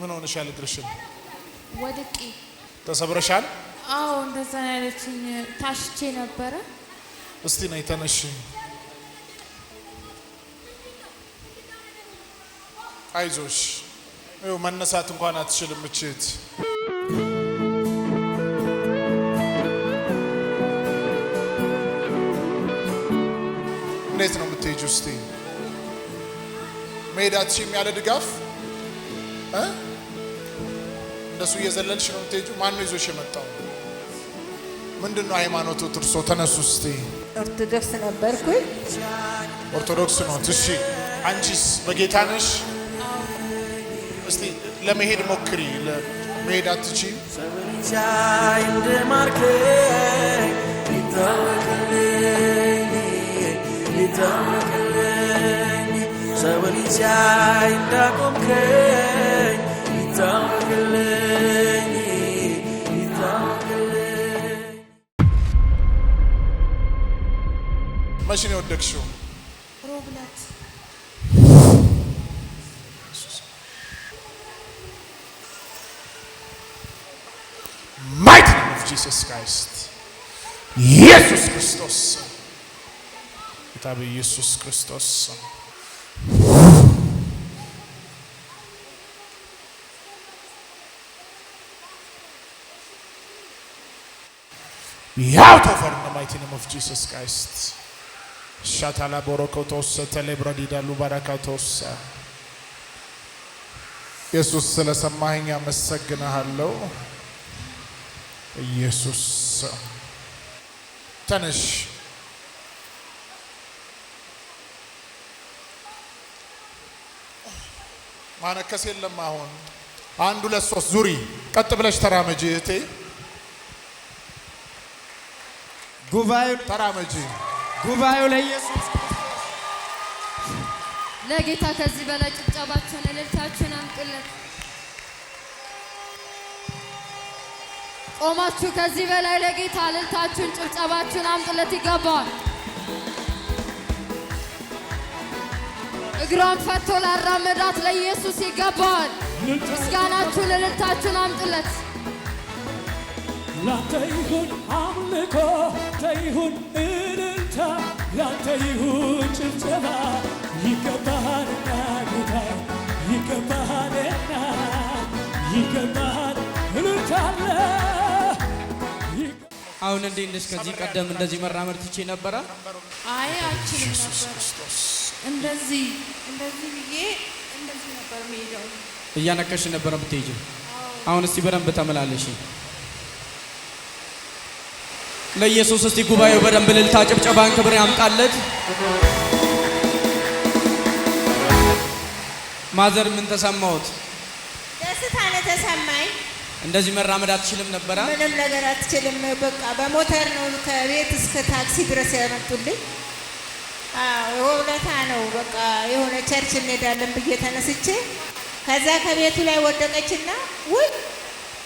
ምን ሆነሻል? እግርሽን ወድቄ ተሰብረሻል? አዎ እንደዛ ነው ያለችኝ። ታሽቼ ነበረ። እስቲ ነይ ተነሽ። አይዞሽ። ይኸው መነሳት እንኳን አትችልም እችት እንዴት ነው የምትሄጂው? እስቲ መሄድ አትችይም ያለ ድጋፍ እንደሱ እየዘለልሽ ነው የምትሄጂው። ነው ይዞሽ የመጣው? ምንድን ነው ሃይማኖቱ? ትርሶ ተነሱ እስቲ። ኦርቶዶክስ ነበርኩ። ኦርቶዶክስ ነው። እሺ፣ አንቺስ በጌታ ነሽ? እስቲ ለመሄድ ሞክሪ። ለመሄድ አትቺ ሰው ልጅ እንዳቆምከኝ መቼ ነው የወደቅሽው? ሮብለት ማይት ኦፍ ጂሰስ ክራይስት ኢየሱስ ክርስቶስ ጌታ በኢየሱስ ክርስቶስ Be out of her in the mighty ሻታላ ቦሮኮቶስ ተሌብረዲዳሉ ባራካቶስ ኢየሱስ ስለ ሰማኸኝ አመሰግንሃለሁ። ኢየሱስ ተነሽ ማነከስ የለም። አሁን አንድ ሁለት ሶስት ዙሪ ቀጥ ብለሽ ተራመጂ እህቴ ጉባኤ ተራመጂ ጉባኤው ለኢየሱስ ለጌታ። ከዚህ በላይ ጭብጨባችሁን እልልታችሁን አምጡለት። ቆማችሁ ከዚህ በላይ ለጌታ እልልታችሁን ጭብጨባችሁን አምጡለት። ይገባዋል። እግሯን ፈቶ ላራመዳት ለኢየሱስ ይገባዋል። ምስጋናችሁን እልልታችሁን አምጡለት። ላንተ ይሁን አምልኮ ተይሁን ላንተ ይሁን ጭብጨባ ይገባሃልና ጌታ ይገባሃልና ይገባሃል እሉታለ አሁን እንዴት ነሽ? ከዚህ ቀደም እንደዚህ መራመድ ትቼ ነበረ? አይ አልችልም ነበር። እንደዚህ እንደዚህ ብዬ እንደዚህ ነበር የምሄደው። እያነቀሽ ነበረ ብትሄጂ። አሁን እስቲ በደንብ ተመላለሽ። ለኢየሱስ እስቲ ጉባኤው በደንብ ልልታ ጭብጨባን ክብር ያምጣለት። ማዘር ምን ተሰማሁት? ደስታ ነው ተሰማኝ። እንደዚህ መራመድ አትችልም ነበረ። ምንም ነገር አትችልም። በቃ በሞተር ነው ከቤት እስከ ታክሲ ድረስ ያመጡልኝ። ውለታ ነው። በቃ የሆነ ቸርች እንሄዳለን ብዬ ተነስቼ ከዛ ከቤቱ ላይ ወደቀችና ውይ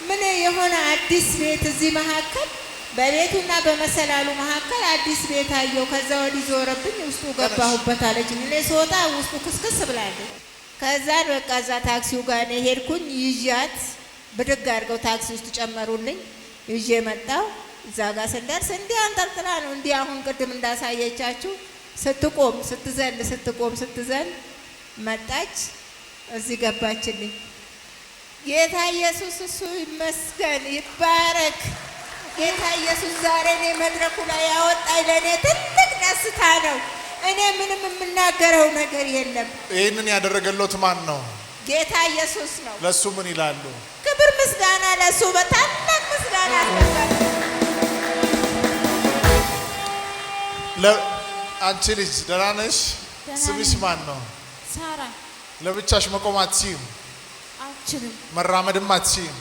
ምን የሆነ አዲስ ቤት እዚህ መካከል በቤቱና በመሰላሉ መካከል አዲስ ቤት አየሁ። ከዛ ወዲህ ዞረብኝ፣ ውስጡ ገባሁበት አለች። እኔ ስወጣ ውስጡ ክስክስ ብላለች። ከዛን በቃ እዛ ታክሲው ጋር እኔ ሄድኩኝ። ይዣት ብድግ አድርገው ታክሲ ውስጥ ጨመሩልኝ። ይዤ መጣሁ። እዛ ጋር ስንደርስ እንዲህ አንጠልጥላ ነው እንዲህ አሁን ቅድም እንዳሳየቻችሁ ስትቆም ስትዘል ስትቆም ስትዘል መጣች። እዚህ ገባችልኝ። ጌታ ኢየሱስ እሱ ይመስገን ይባረክ። ጌታ ኢየሱስ ዛሬ እኔ መድረኩ ላይ ያወጣኝ ለእኔ ትልቅ ደስታ ነው። እኔ ምንም የምናገረው ነገር የለም። ይህንን ያደረገለት ማን ነው? ጌታ ኢየሱስ ነው። ለእሱ ምን ይላሉ? ክብር ምስጋና ለእሱ በታላቅ ምስጋና አንቺ ልጅ ደህና ነሽ? ስምሽ ማን ነው? ሳራ። ለብቻሽ መቆም አትችይም። አልችልም፣ መራመድም አትችይም።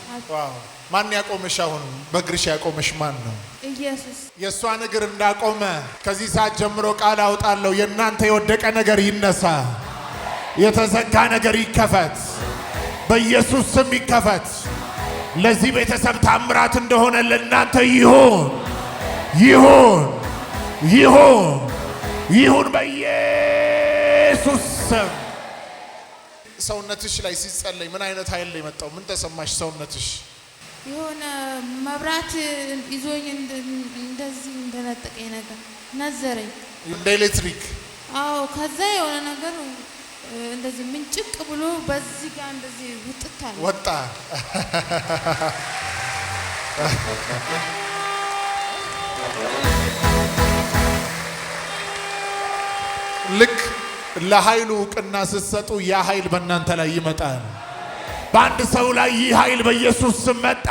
ማን ያቆመሽ? አሁን በእግርሽ ያቆመሽ ማን ነው? ኢየሱስ የእሷን እግር እንዳቆመ ከዚህ ሰዓት ጀምሮ ቃል አውጣለሁ። የእናንተ የወደቀ ነገር ይነሳ፣ የተዘጋ ነገር ይከፈት፣ በኢየሱስ ስም ይከፈት። ለዚህ ቤተሰብ ታምራት እንደሆነ ለእናንተ ይሁን፣ ይሁን፣ ይሁን፣ ይሁን በኢየሱስ ስም ሰውነትሽ ላይ ሲጸለይ ምን አይነት ኃይል ነው የመጣው? ምን ተሰማሽ ሰውነትሽ? የሆነ መብራት ይዞኝ እንደዚህ እንደነጠቀኝ ነገር ነዘረኝ፣ እንደ ኤሌክትሪክ። አዎ። ከዛ የሆነ ነገር እንደዚህ ምንጭቅ ብሎ በዚህ ጋር እንደዚህ ውጥታ ወጣ። ልክ ለኃይሉ እውቅና ስትሰጡ ያ ኃይል በእናንተ ላይ ይመጣል። በአንድ ሰው ላይ ይህ ኃይል በኢየሱስ ስም መጣ።